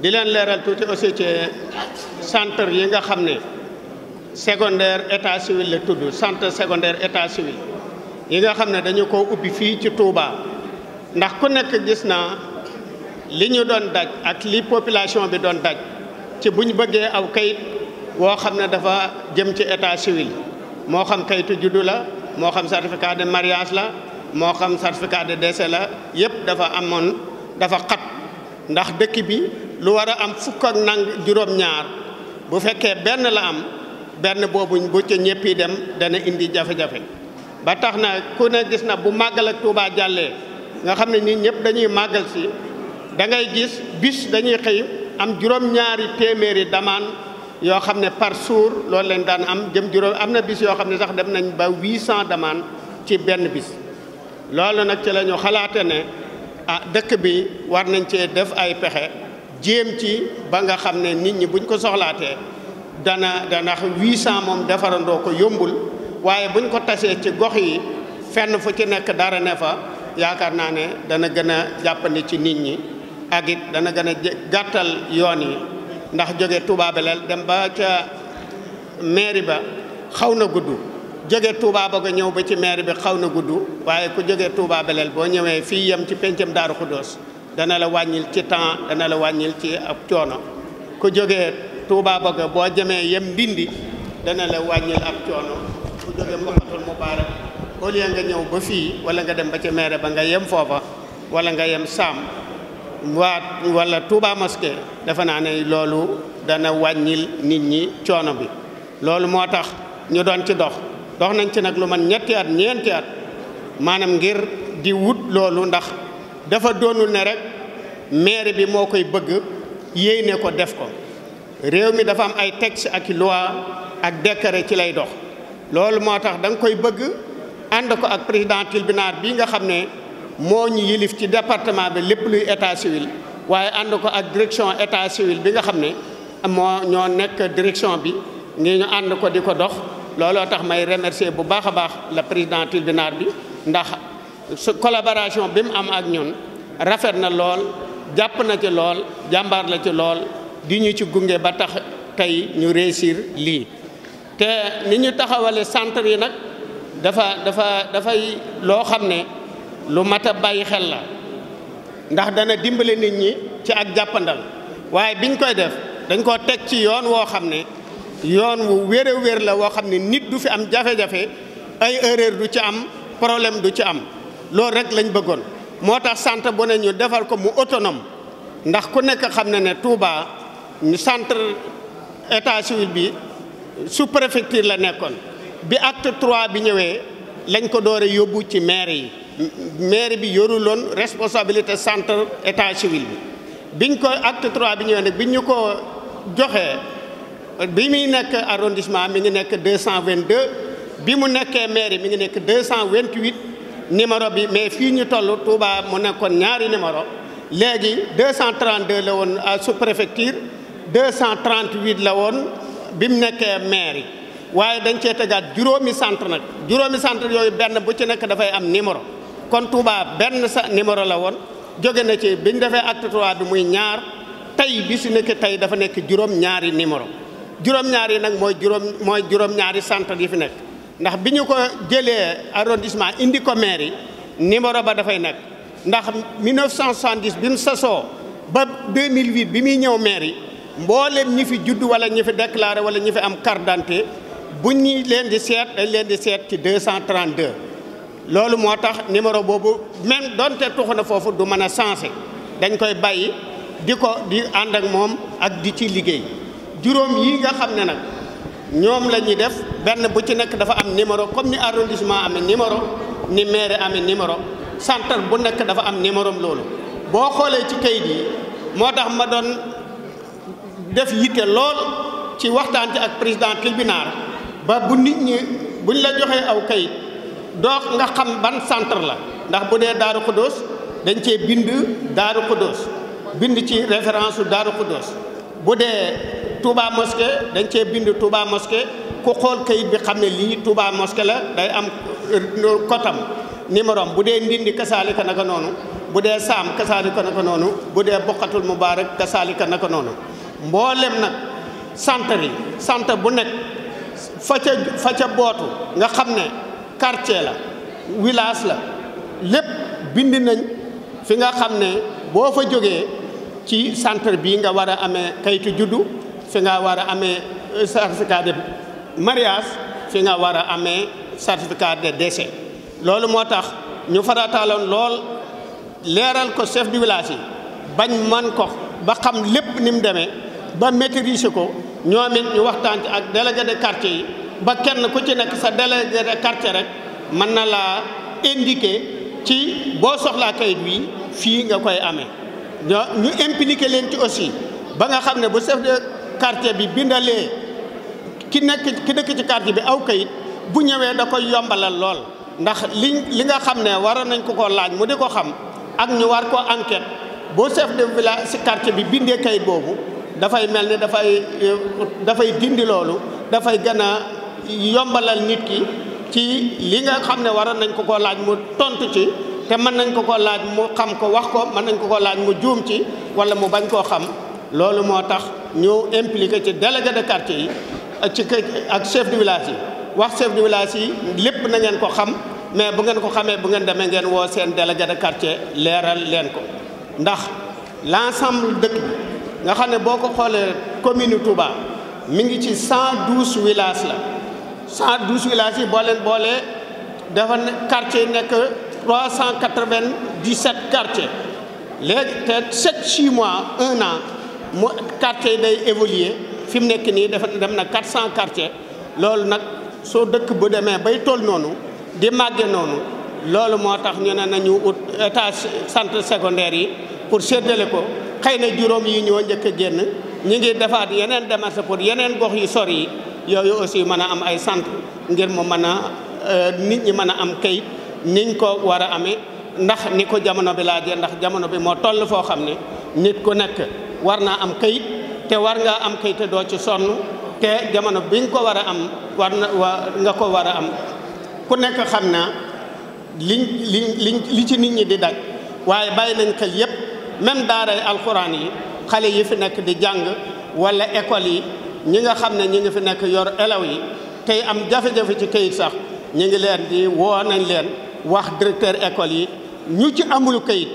di leen leeral tuuti aussi ci centre yi nga xam ne secondaire état civil la tudd centre secondaire état civil yi nga xam ne dañu ko ubbi fii ci Touba ndax ku nekk gis naa li ñu doon daj ak li population bi doon daj ci bu ñu bëggee aw kayit woo xam ne dafa jëm ci état civil moo xam kayitu juddu la moo xam certificat de mariage la moo xam certificat de décès la yépp dafa amoon dafa xat ndax dëkk bi lu war a am fukk ak nang juróom-ñaar bu fekkee benn la am benn boobu bu ca ñëpp dem dana indi jafe-jafe ba tax na ku ne gis na bu màggal ak Touba jàllee nga xam ne nit ñëpp dañuy màggal si da ngay gis bis dañuy xëy am juróom-ñaari téeméeri damaan yoo xam ne par jour loolu leen daan am jëm juróom am na bis yoo xam ne sax dem nañ ba 800 damaan ci benn bis loolu nag ci lañu xalaate ne ah dëkk bi war nañ cee def ay pexe jéem ci ba nga xam ne nit ñi buñ ko soxlaatee dana dana 800 moom defarandoo ko yombul waaye buñ ko tasee ci gox yi fenn fu ci nekk dara ne fa yaakaar naa ne dana gën a jàppandi ci nit ñi ak dana gën a gàttal yoon yi ndax jóge Touba Belel dem ba ca mairie ba xaw na gudd jóge Touba ba ñëw ba ci mairie bi xaw na gudd waaye ku jóge Touba Belel boo ñëwee fii yem ci pencam Daaru Xuddoos dana la wàññil ci temps dana la wàññil ci ab coono ku jógee Touba bëgg boo jëmee yem mbindi dana la wàññil ab coono ku jógee Mboxatul Mubaarak au lieu nga ñëw ba fii wala nga dem ba ca meere ba nga yem foofa wala nga yem saam waa wala Touba mosquée dafa naa ne loolu dana wàññil nit ñi coono bi loolu moo tax ñu doon ci dox dox nañ ci nag lu man ñetti at ñeenti at maanaam ngir di wut loolu ndax dafa doonul ne rek maire bi moo koy bëgg yéene ko def ko réew mi dafa am ay texte ak loi ak décret ci lay dox loolu moo tax da nga koy bëgg ànd ko ak président tribunal bi nga xam ne moo ñu yilif ci département bi lépp luy état civil waaye ànd ko ak direction état civil bi nga xam ne moo ñoo nekk direction bi ngi ñu ànd ko di ko dox looloo tax may remercier bu baax a baax la président tribunal bi ndax su collaboration bi mu am ak ñun rafet na lool jàpp na ci lool jàmbaar la ci lool di ñu ci gunge ba tax tey ñu réussir lii te ni ñu taxawale centre yi nag dafa dafa dafay loo xam ne lu mat bàyyi xel la ndax dana dimbale nit ñi ci ak jàppandal waaye biñ koy def dañ koo teg ci yoon woo xam ne yoon wu wér-wér la woo xam ne nit du fi am jafe-jafe ay erreur du ci am problème du ci am loolu rek lañ bëggoon moo tax centre bu ne ñu defal ko mu autonome ndax ku nekk xam na ne Touba ñu centre état civil bi su préfecture la nekkoon bi acte trois bi ñëwee lañ ko doore yóbbu ci maire yi maire bi yoruloon responsabilité centre état civil bi bi biñ ko acte trois bi ñëwee nag ñu ko joxee bi muy nekk arrondissement mi ngi nekk deux cent vingt-deux bi mu nekkee maire mi ngi nekk deux cent vingt-huit numéro bi mais fii ñu toll Touba mu nekkoon ñaari numéro léegi 232 la woon à euh, sous-préfecture 238 la woon bi mu nekkee mairie waaye dañ cee tegaat juróomi centre nag juróomi centre yooyu benn bu ci nekk dafay am numéro kon Touba benn sax numéro la woon jóge na ci bi ñu defee acte bi muy ñaar tey bi si nekk tey dafa nekk juróom-ñaari numéro juróom-ñaari nag mooy juróom mooy juróom-ñaari centre yi fi nekk ndax bi ñu ko jëlee arrondissement indi ko maire yi numéro ba dafay nekk ndax 1970 bi mu sasoo ba 2008 bi muy ñëw maire yi mboolem ñi fi judd wala ñi fi déclaré wala ñi fi am carte bu ñi leen di seet dañ leen di seet ci 232. loolu moo tax numéro boobu même donte tuxu na foofu du mën a sensé dañ koy bàyyi di ko di ànd ak moom ak di ci liggéey juróom yi nga xam ne nag. ñoom la ñuy def benn bu ci nekk dafa am numéro comme ni arrondissement amee numéro ni maire amee numéro centre bu nekk dafa am numéro loolu. boo xoolee ci kayit yi moo tax ma doon def yitte lool ci waxtaan ak président tribunal ba bu nit ñi buñ la joxee aw kayit doo nga xam ban centre la ndax bu dee Daaru Xuddoos dañ cee bind Daaru Xuddoos bind ci référence su Daaru Xuddoos bu dee. Touba mosquée dañ cee bind Touba mosquée ku xool kayit bi xam ne lii Touba moske la day am euh, kotam numéro bu dee ndindi kasaalika naka noonu bu dee saam kasaalika naka noonu bu dee bokkatul mubaarak kasaalika naka noonu mboolem nag centre yi centre bu nekk fa ca fa ca bootu nga xam ne quartier la wilaas la lépp bind nañ fi nga xam ne boo fa jógee ci centre bii nga war a amee kayitu juddu fi nga war a amee euh, certificat de mariage fi nga war a amee certificat de décès loolu moo tax ñu farataaloon lool leeral ko chef du village yi bañ man ko ba xam lépp ni mu demee ba maîtriser ko ñoom it ñu waxtaan ci ak délégué de quartier yi ba kenn ku ci nekk sa délégué de quartier rek mën na laa indiquer ci boo soxlaa kayit bi fii nga koy amee ñu impliqué leen ci aussi ba nga xam ne bu chef quartier bi bindalee ki nekk ki dëkk ci quartier bi aw kayit bu ñëwee da koy yombalal lool ndax li li nga xam ne waroon nañ ko ko laaj mu di ko xam ak ñu war ko boo chef de village si quartier bi bindee kayit boobu dafay mel ni dafay dafay dindi loolu dafay gën yombalal nit ki ci li nga xam ne waroon nañ ko ko laaj mu tontu ci te mën nañ ko ko laaj mu xam ko wax ko mën nañ ko ko laaj mu juum ci walla mu bañ koo xam loolu moo tax ñu impliqué ci délégué de quartier yi ci ak chef de village wax chef de village yi lépp na ngeen ko xam mais bu ko xamee bu ngeen demee ngeen woo seen délégué de quartier leeral leen ko ndax l'ensemble dëkk bi nga xam ne boo ko xoolee commune Touba mi ngi ci cent douze villages la cent douze villages yi boo leen boolee dafa quartier nekk cent quatre-vingt-dix-sept quartiers te sept six mois un an mu quartier yi day évoluer fi mu nekk nii dafa dem na 400 quartier loolu nag soo dëkk bu demee bay toll noonu di màgge noonu loolu moo tax ñu ne nañu ut état centre secondaire yi pour séddale ko xëy na juróom yi ñoo njëkk a génn ñu ngi defaat yeneen démarche pour yeneen gox yi sor yi yooyu aussi mën a am ay centre ngir mu mën a euh, nit ñi mën a am kayit niñ ko war a amee ndax ni ko jamono bi laajee ndax jamono bi moo toll foo xam ne nit ku nekk war naa am kayit te war ngaa am kayit doo ci sonn te jamono bi nga ko war a am war na nga ko war a am ku nekk xam naa li li liñ li ci nit ñi di daj waaye bàyyi nañ xel yépp même daara alxuraan yi xale yi fi nekk di jàng wala école yi ñi nga xam ne ñi nga fi nekk yor elew yi tey am jafe-jafe ci kayit sax ñu ngi leen di woo nañ leen wax directeur école yi ñu ci amul kayit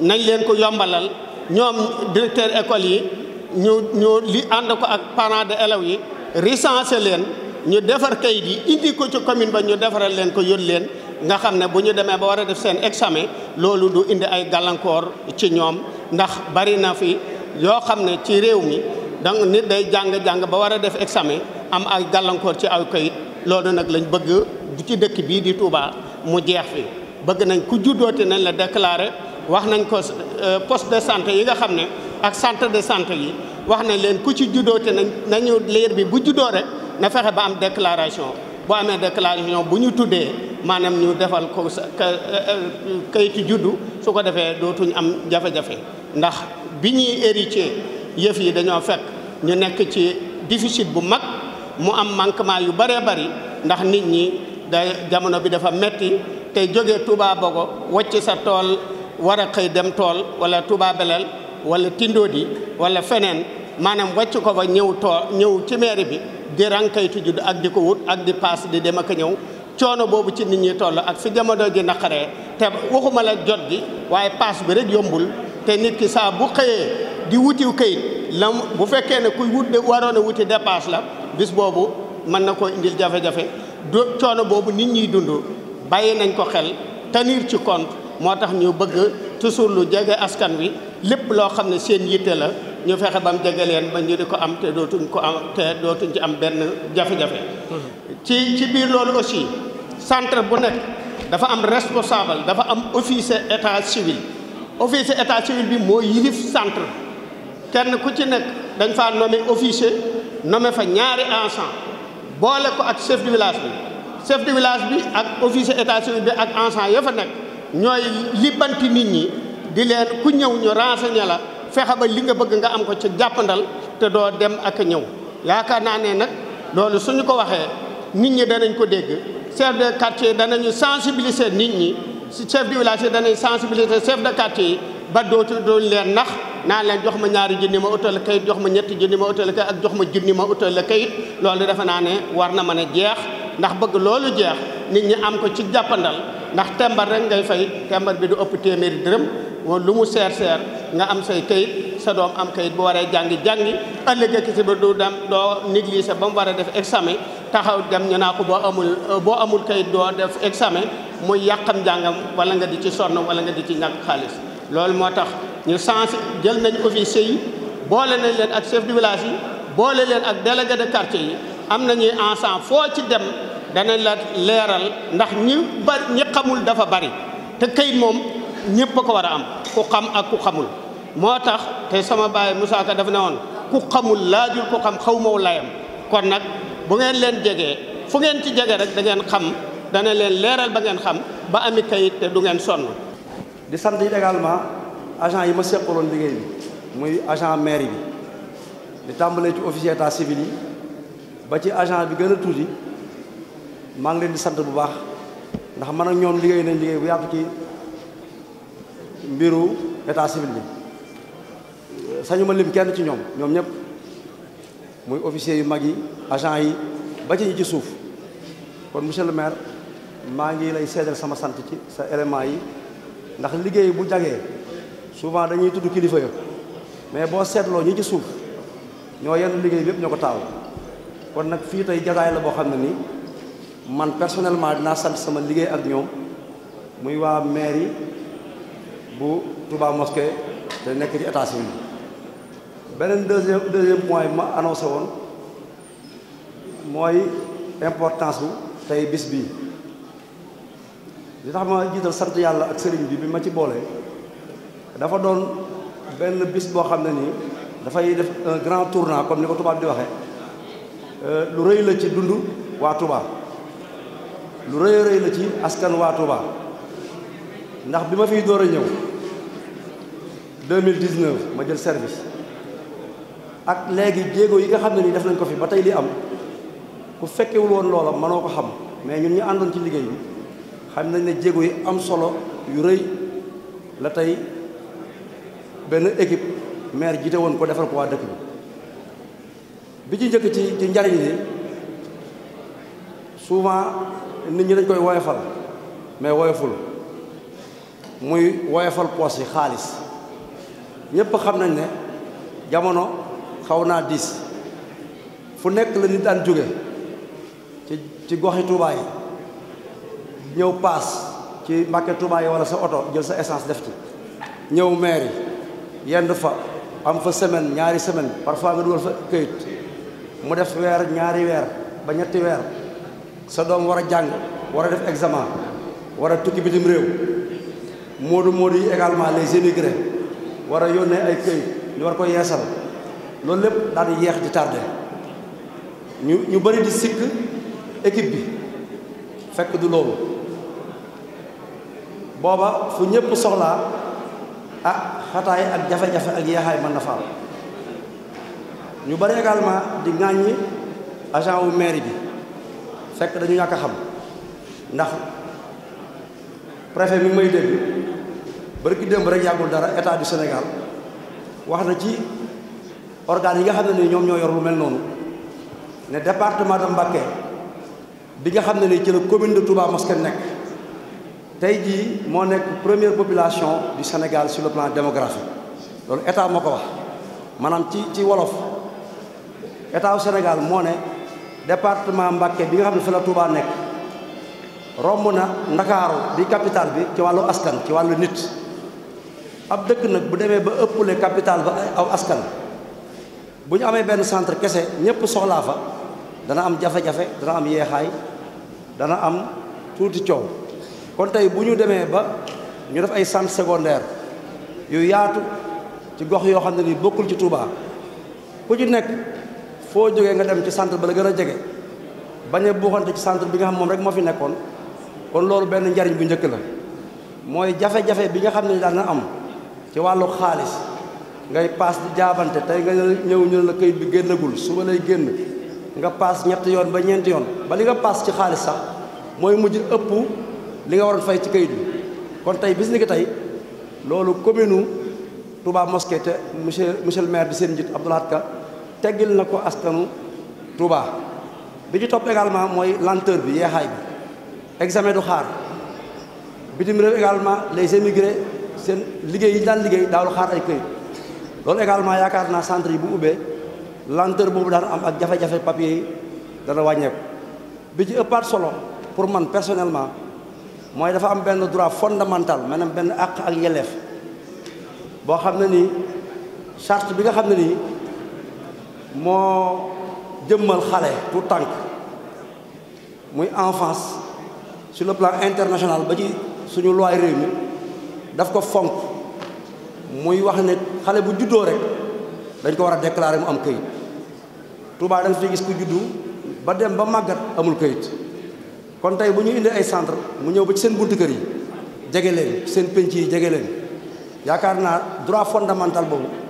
nañ leen ko yombalal ñoom directeur école yi ñu ñu li ànd ko ak parent de élèves yi recensé leen ñu defar kayit yi indi ko ci commune ba ñu defaral leen ko yónni leen nga xam ne bu ñu demee ba war a def seen examen loolu du indi ay gàllankoor ci ñoom ndax bari na fi yoo xam ne ci réew mi donc nit day jàng-jàng ba war a def examen am ay gàllankoor ci ay kayit loolu nag lañ bëgg ci dëkk bii di Touba mu jeex fi bëgg nañ ku juddooti nañ la déclarer wax nañ ko euh, poste de santé yi nga xam ne ak centre de santé yi wax nañ leen ku ci juddoo te nañ nañu liir bi bu juddoo rek na fexe ba am déclaration boo amee déclaration bu ñu tuddee maanaam ñu defal ko euh, euh, kayitu juddu su ko defee dootuñ am jafe-jafe ndax bi ñuy héritier yëf yi dañoo fekk ñu nekk ci déficit bu mag mu am manquement yu bëree bari ndax nit ñi da jamono bi dafa metti te jógee Touba Bogo wàcc sa tool war a xëy dem tool wala tubaabelal wala tindoodi wala feneen maanaam wàcc ko fa ñëw tool ñëw ci mairie bi di rànkaytu judd ak di ko wut ak di paas di dem ak ñëw coono boobu ci nit ñi toll ak fi jamono ji naqaree te waxuma la jot gi waaye paas bi rek yombul te nit ki saa bu xëyee di wutiw kayit lam bu fekkee ne kuy wut waroon a wuti la bis boobu mën na koo indil jafe-jafe du coono boobu nit ñiy dund bàyyi nañ ko xel tenir ci compte moo tax ñu bëgg toujours lu jege askan wi lépp loo xam ne seen yitte la ñu fexe ba mu jege leen ba ñu di ko am te dootuñ ko am te tuñ ci am benn jafe-jafe. ci ci biir loolu aussi centre bu nekk dafa am responsable dafa am officier état civil officier état civil bi moo yilif centre kenn ku ci nekk dañ faa nommé officier nommé fa ñaari agent boole ko ak chef de village bi chef de village bi ak officier état civil bi ak agent yoo fa nekk. ñooy libanti nit ñi di leen ku ñëw ñu renseigné la fexe ba li nga bëgg nga am ko ci jàppandal te doo dem ak ñëw yaakaar naa ne nag loolu suñu ko waxee nit ñi danañ ko dégg chef de quartier danañu sensibiliser nit ñi si chef de village yi danañ sensibiliser chef de quartier yi ba dootu dooñ leen nax naa leen jox ma ñaari junni ma utal kayit jox ma ñetti junni ma utal kayit ak jox ma junni ma utal kayit loolu defe naa ne war na mën a jeex ndax bëgg loolu jeex nit ñi am ko ci jàppandal ndax tembar rek ngay fay tembar bi du ëpp téeméeri dërëm moom lu mu seer seer nga am say kayit sa doom am kayit bu waree jàngi jàngi ëllëg ak si ba du dem doo négliger ba mu waree def examen taxaw dem ñu naa ko boo amul boo amul kayit doo def examen muy yàqam njàngam wala nga di ci sonn wala nga di ci ñàkk xaalis loolu moo tax ñu sens jël nañ officier yi boole nañ leen ak sef de village yi boole leen ak délégué de quartier yi am nañuy enfant foo ci dem danañ la leeral ndax ñi ba ñi xamul dafa bari te kayit moom ñëpp ko war a am ku xam ak ku xamul moo tax te sama baay Moussa Ka dafa ne woon ku xamul laajul ku xam xaw maw am kon nag bu ngeen leen jegee fu ngeen ci jege rek dangeen xam dana leen leeral ba ngeen xam ba ami kayit te du ngeen sonn di sant yi également agent yi ma seqaloon liggéey bi muy agent mairie bi di tàmbalee ci officier état civil yi ba ci agent bi gën a tuuti maa ngi sant bu baax ndax man ak ñoom liggéey nañ liggéey bu yàgg ci mbiru état civil bi sañu ma ci ñoom ñoom ñëpp muy officier yu mag yi agent yi ba ci ci suuf kon monsieur le maire maa ngi lay seedal sama sant ci sa élément yi ndax liggéey bu jagee souvent dañuy tudd kilifa ya mais boo seetloo ñi ci suuf ñoo yenn liggéey bi ñoo ko taaw kon nag fii tey jagaay la boo xam ne nii man personnellement dinaa sant sama liggéey ak ñoom muy waa mairie bu Touba mosquée te nekk ci état civil beneen deuxième deuxième point ma annoncé woon mooy importance bu tey bis bii li tax ma jiital sant yàlla ak sëriñ bi bi ma ci boolee dafa doon benn bis boo xam ne nii dafay def un grand tournant comme ni ko tubaab di waxee euh, lu rëy la ci dund waa Touba. lu rëy rëy la ci askan waa Touba ndax bi ma fiy door a ñëw 2019 ma jël service ak léegi jéego yi nga xam ne nii def nañ ko fi ba tey li am ku fekkewul woon loola mënoo ko xam mais ñun ñu àndoon ci liggéey bi xam nañ ne jéego yi am solo yu rëy la tey benn équipe maire jiite woon ko defar ko waa dëkk bi bi ci njëkk ci ci njariñ li souvent nit ñi dañ koy woyofal mais woyeful muy woyefal poos yi xaalis ñëpp xam nañ ne jamono xaw naa diis fu nekk la nit daan jóge ci ci goxi Tuubaa ñëw paas ci Mbàkke Tuubaa walla sa oto jël sa essance def ñëw mairie yenn fa am fa semaine ñaari semaine parfois nga dugal fa këyit mu def weer ñaari weer ba ñetti weer sa doom war a jàng war a def examen war a tukki bitim réew moodu moodu yi également les émigrés war a yónnee ay këy ñu war ko yeesal loolu lépp daal di yeex di tardé ñu ñu bëri di sikk équipe bi fekk du loolu booba fu ñëpp soxla ah xataay ak jafejafe ak yeexaay mën na fa am ñu bëri également di ŋàññi agent wu mairie bi fekk dañu ñàkk a xam ndax préfet mi ngi may dégg bari ki démb rek yàggul dara état du Sénégal wax na ci organes yi nga xam ne ñoom ñoo yor lu mel noonu ne département de Mbacké bi nga xam ne ni ci la commune de Touba Mosquée nekk tey jii moo nekk première population du Sénégal sur le plan démographique loolu état moo ko wax maanaam ci ci wolof état wu Sénégal moo ne département Mbacké bi nga xam ne fi la Touba nekk romb na ndakaaru di capital bi ci wàllu askan ci wàllu nit ab dëkk nag bu demee ba ëppale capital ba aw askan bu ñu amee benn centre kese ñëpp soxlaa fa dana am jafe-jafe dana am yeexaay dana am tuuti coow kon tey bu ñu demee ba ñu def ay sant secondaire yu yaatu ci gox yoo xam ne ni bokkul ci Touba ku ci nekk foo jógee nga dem ci centre ba la gën a jege bañ a buuxante ci centre bi nga xam moom rek moo fi nekkoon kon loolu benn njariñ bu njëkk la mooy jafe-jafe bi nga xam ne daal na am ci wàllu xaalis ngay paas di jaabante tey nga ñëw ñu ne la kayit bi génnagul suba lay génn nga paas ñett yoon ba ñeenti yoon ba li nga paas ci xaalis sax mooy mujj ëpp li nga waroon fay ci kayit bi kon tey bis ni tey loolu commune Touba Mosquée te monsieur monsieur le maire di seen njiit Abdou Lahad teggil na ko askanu Touba bi ci topp également mooy lenteur bi yeexaay bi examen du xaar bitim réew également les émigrés seen liggéey yi daan liggéey daawul xaar ay këyit loolu également yaakaar naa centre bu ubbee lenteur boobu daan am ak jafe-jafe papier yi dana wàññeeku bi ci ëppaat solo pour man personnellement mooy dafa am benn droit fondamental maanaam benn àq ak yelleef boo xam ne nii charte bi nga xam ne nii moo jëmmal xale tout tànk muy enfance sur le plan international ba ci suñu loi réew mi daf ko fonk muy wax ne xale bu juddoo rek dañ ko war a déclarer mu am këyit Touba da nga fi gis ku juddu ba dem ba màggat amul këyit kon tey bu ñu indee ay centre mu ñëw ba ci seen buntu kër yi jege seen penc yi jege leen droit fondamental boobu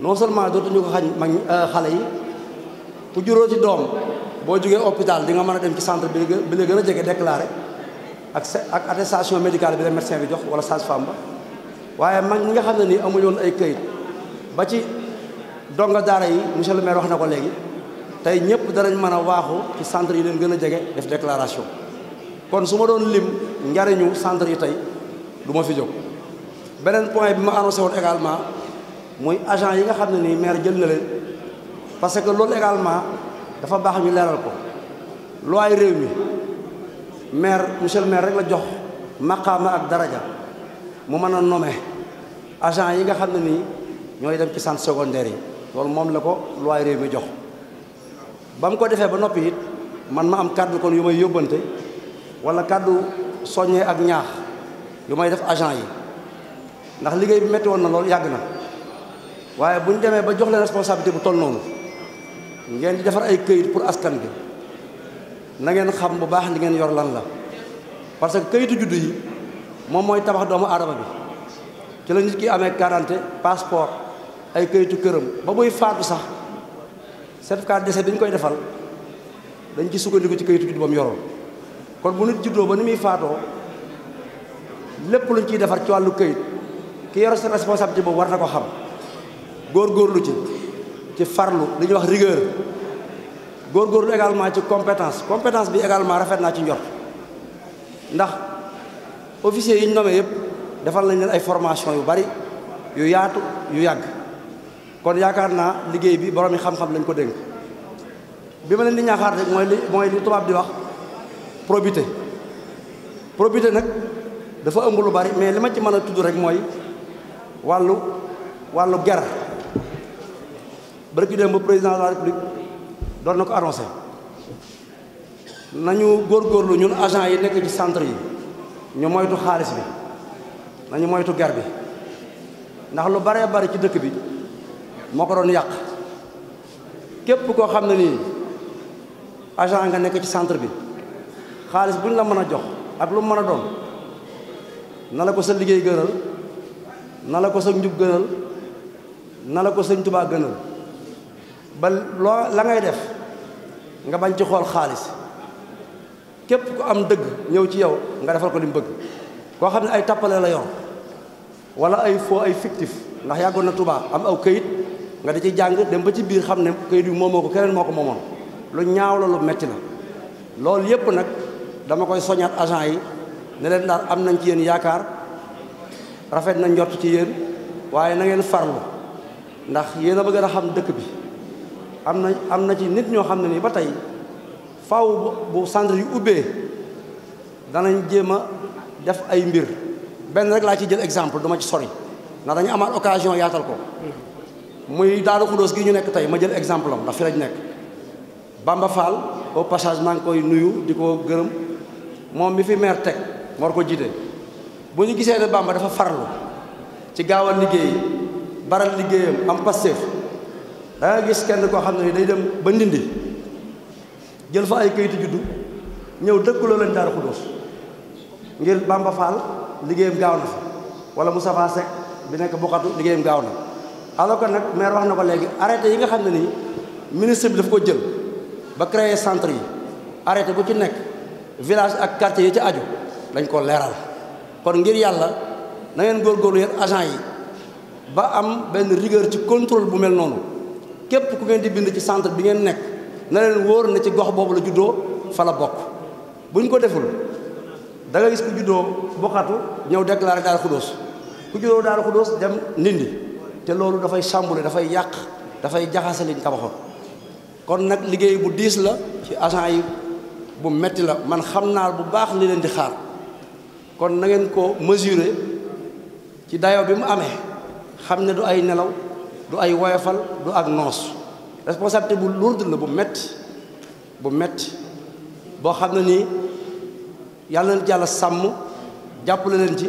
non seulement dootuñu ko xañ mag euh, xale yi ku juróo ci doom boo jógee hôpital di nga mën a dem ci centre bi bi la gën a jege déclaré ak ak attestation médical bi la médecin bi jox wala sage-femme waaye mag ñi nga xam ne nii amuñu woon ay këyit ba ci donga daara yi monsieur le maire wax na ko léegi tey ñëpp danañ mën a waaxu ci centre yi leen gën a jege def déclaration kon su ma doon lim njariñu centre yi tey du ma fi jóg beneen point bi ma annoncé woon également muy agent yi nga xam ne nii mair jël na leen parce que loolu également dafa baax ñu leeral ko looy réew mi maire monsieur le maire rek la jox maqaama ak daraja mu mën a nome agent yi nga xam ne nii ñooy dem ci centre secondaire yi loolu moom la ko looy réew mi jox ba mu ko defee ba noppi it man ma am kàddu kon yu may yóbbante wala kàddu soññee ak ñaax yu may def agent yi ndax liggéey bi metti woon na loolu yàgg na waaye bu ñu demee ba jox leen responsabilité bu toll ngeen di defar ay këyit pour askan bi na ngeen xam bu baax li ngeen yor lan la parce que këyitu juddu yi moom mooy tabax doomu aadama bi ci la nit ki amee quarante passeport ay këyitu këram ba muy faatu sax certificat de décès bi ñu koy defal dañ ci sukkandiku ci këyitu juddu ba mu yoroon kon bu nit juddoo ba ni muy faatoo lépp luñ ciy defar ci wàllu këyit ki yor sa responsabilité boobu war na ko xam góor góorgóorlu ci ci farlu li ñuy wax góor góorgóorlu également ci compétence compétence bi également rafet naa ci njort ndax officiers yi ñu nommé yëpp defal nañ leen ay formation yu bari yu yaatu yu yàgg kon yaakaar naa liggéey bi borom yi xam-xam lañ ko dénk bi ma leen di ñaaxaar rek mooy li mooy li tubaab di wax probité probité nag dafa ëmb lu bari mais li ma ci mën a tudd rek mooy wàllu wàllu ger barki dem ba président de la république nanyu na ko annoncé aja góorgóorlu ñun agent yi itu ci centre yi ñu moytu xaalis bi nañu moytu ger bi ndax lu baree bari ci dëkk bi moo doon yàq képp koo agent nga ci centre bi xaalis buñ la mën a jox ak lu mën a doon nala la ko sa liggéey gënal na ko sa njub gënal ko gënal ba loo la ngay def nga bañ ci xool xaalis képp ku am dëgg ñëw ci yow nga defal ko li mu bëgg koo xam ne ay tappale la yor wala ay faux ay fictif ndax yàggoon na Touba am aw këyit nga da ci jàng dem ba ci biir xam ne këyit bi moomoo ko keneen moo ko moomoon lu ñaaw la lu metti la loolu yépp nag dama koy soñaat agent yi ne leen daal am nañ ci yéen yaakaar rafet na njort ci yéen waaye na ngeen farlu ndax yéen a bëgg a xam dëkk bi am na am na ci nit ñoo xam ne nii ba tey faw bu centre yu ubbee danañ jéem a def ay mbir benn rek laa ci jël exemple duma ci sori ndax dañu amaat occasion yaatal ko muy Daaru Xudóos gi ñu nekk tey ma jël exemple am ndax fi lañ nekk Bamba Fall au passage maa ngi koy nuyu di ko gërëm moom mi fi maire teg ma war ko jiite bu ñu gisee ne Bamba dafa farlu ci gaaw a liggéey baral liggéeyam am pastéef danga gis kenn koo xam ne day dem ba ndindi jël fa ay kayitu juddu ñëw dëkkuloo lañ Daaru Xudoos ngir Bamba Fall liggéeyam gaaw na fa wala Moustapha Seck bi nekk bokkatu liggéeyam gaaw na alors que nag maire wax na ko léegi arrêté yi nga xam ne nii ministre bi daf ko jël ba créer centre yi arrêté bu ci nekk village ak quartier yi ci aju dañ ko leeral kon ngir yàlla na ngeen góor yéen agent yi ba am benn rigueur ci contrôle bu mel noonu képp ku ngeen di bind ci centre bi ngeen nekk na leen wóor na ci gox boobu la juddoo fa la bokk buñ ko deful da nga gis ku juddoo bokkatu ñëw déclaré daal xudóos ku juddoo daal xudóos dem ndindi te loolu dafay chamboulé dafay yàq dafay jaxase liñ tabaxoon kon nag liggéey bu diis la ci agent yi bu metti la man xam naa bu baax li leen di xaar kon na ngeen ko mesurer ci dayo bi mu amee xam ne du ay nelaw du ay woyofal du ak noos responsabilité bu lourde la bu metti bu metti boo xam ne nii yàlla na jàll sàmm jàpp la leen ci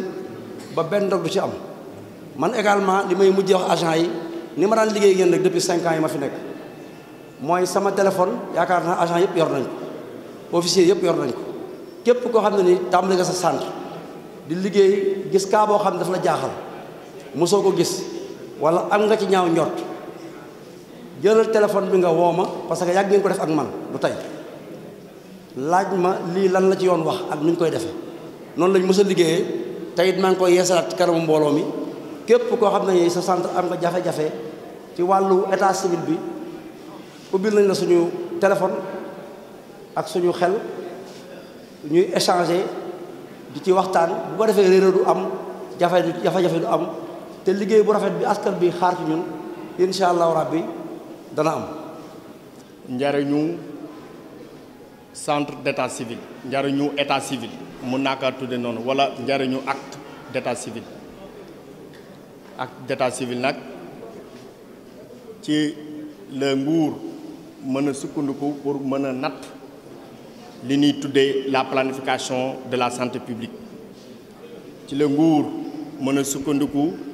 ba benn dog du ci am man également li may mujjee wax agent yi ni ma daan liggéey ngeen nag depuis cinq ans yi ma fi nekk mooy sama téléphone yaakaar na agent yëpp yor nañ ko officier yëpp yor nañ ko képp koo xam ne nii tàmbali nga sa centre di liggéey gis kaa boo xam ne daf la jaaxal mosoo ko gis wala am nga ci ñaaw njort jëlal téléphone bi nga woo ma parce que yàgg ngeen ko def ak man lu tey laaj ma lii lan la ci yoon wax ak nuñ koy defee noonu lañ mës a liggéeyee tey it maa ngi koy yeesalaat kanamu mbooloo mi képp koo xam ne sa centre am nga jafe-jafe ci wàllu état civil bi ubbil nañ la suñu téléphone ak suñu xel ñuy échanger di ci waxtaan bu ko defee réeré du am jafe-jafe du am. te liggéey bu rafet bi askan bi xaar ci ñun incha allahu rabbi dana am njariñu centre d'état civil njariñu état civil mun naa kaa tudde noonu wala njariñu acte d'état civil acte d'état civil nag ci la nguur mën a sukkandiku pour mën a natt li ñuy tuddee la planification de la santé publique ci la nguur mën a sukkandiku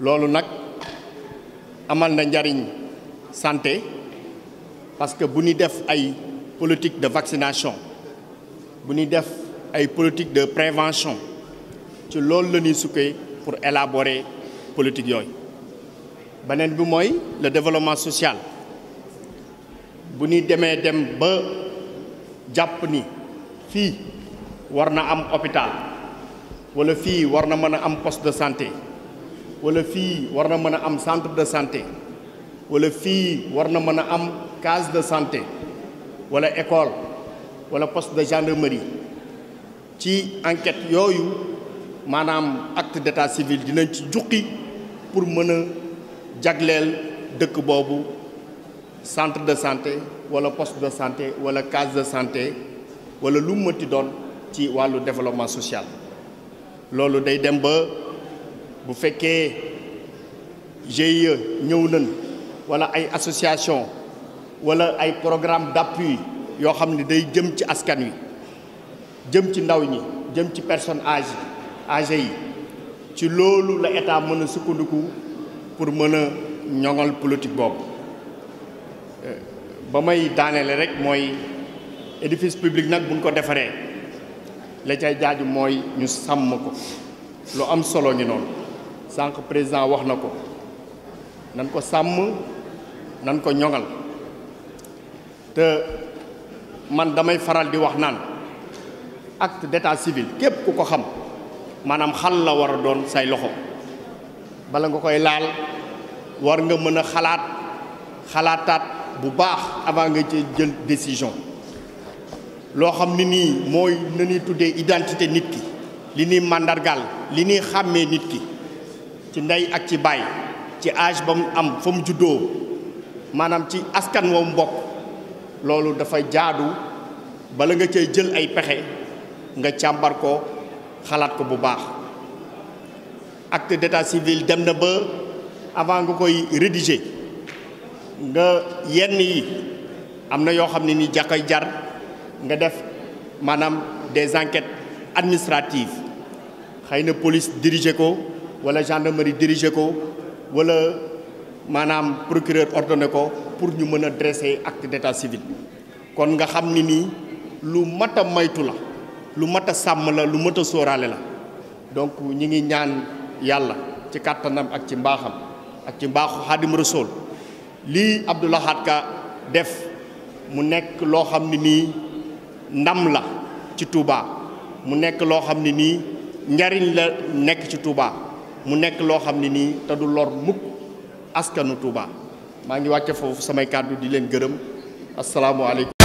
loolu nag amal na njariñ santé parce que bu ñu def ay politique de vaccination bu ñu def ay politique de prévention ci loolu la ñuy sukkee pour élaborer politique yooyu beneen bi mooy le développement sociale bu ñu demee dem ba jàpp ni fii war na am hôpital wala fii war na mën a am poste de santé wala fii war na mën a am centre de santé wala fii war na mën a am case de santé wala école wala poste de gendarmerie ci enquête yooyu maanaam acte d'état civil dinañ ci juqi pour mën a jagleel dëkk boobu centre de santé wala poste de santé wala case de santé wala lu mënti doon ci wàllu développement social loolu day dem ba bu fekkee GIE ñëw nañ wala ay association wala ay programme d'appui yoo xam ne day jëm ci askan wi jëm ci ndaw ñi jëm ci personne âgée agi, yi ci loolu la état mën a sukkandiku pour mën a politique boobu ba may daaneele rek mooy édifice public nag buñ ko defaree la cay jaaju mooy ñu sàmm ko lu am solo ñu noonu sànq président wax na ko nan ko sàmm nan ko ñoŋal te man damay faral di wax nan, acte d'état civil képp ku ko xam maanaam xal la war a doon say loxo bala nga koy laal war nga mën xalaat xalaataat bu baax avant nga ci jël décision loo xam ni nii mooy na identité nit ki li li nit ki ci ndey ak ci baay ci âge ba mu am fa mu juddoo maanaam ci askan woowu mbokk loolu dafa jaadu bala nga ca jël ay pexe nga càmbar ko xalaat ko bu baax acte d'état civil dem na ba avant nga koy rédiger nga yenn yi am na yoo xam ne ni jakoy jar nga def maanaam des enquêtes administratives xëy na police dirigé ko wala gendarmerie diriger ko wala maanaam procureur ordonné ko pour ñu mën a dresser ak d'état civil kon nga xam ni nii lu mat a maytu la lu mat a sàmm la lu mat a sóoraale la donc ñi ngi ñaan yàlla ci kàttanam ak ci mbaaxam ak ci mbaaxu xaadim rasool lii Abdou Lahad Ka def mu nekk loo xam ne nii ndam la ci Touba mu nekk loo xam ne nii njariñ la nekk ci Touba mu nekk loo xam ne nii te du lor mukk askanu Touba maa ngi wàcce foofu samay kàddu di leen gërëm asalaamualeykum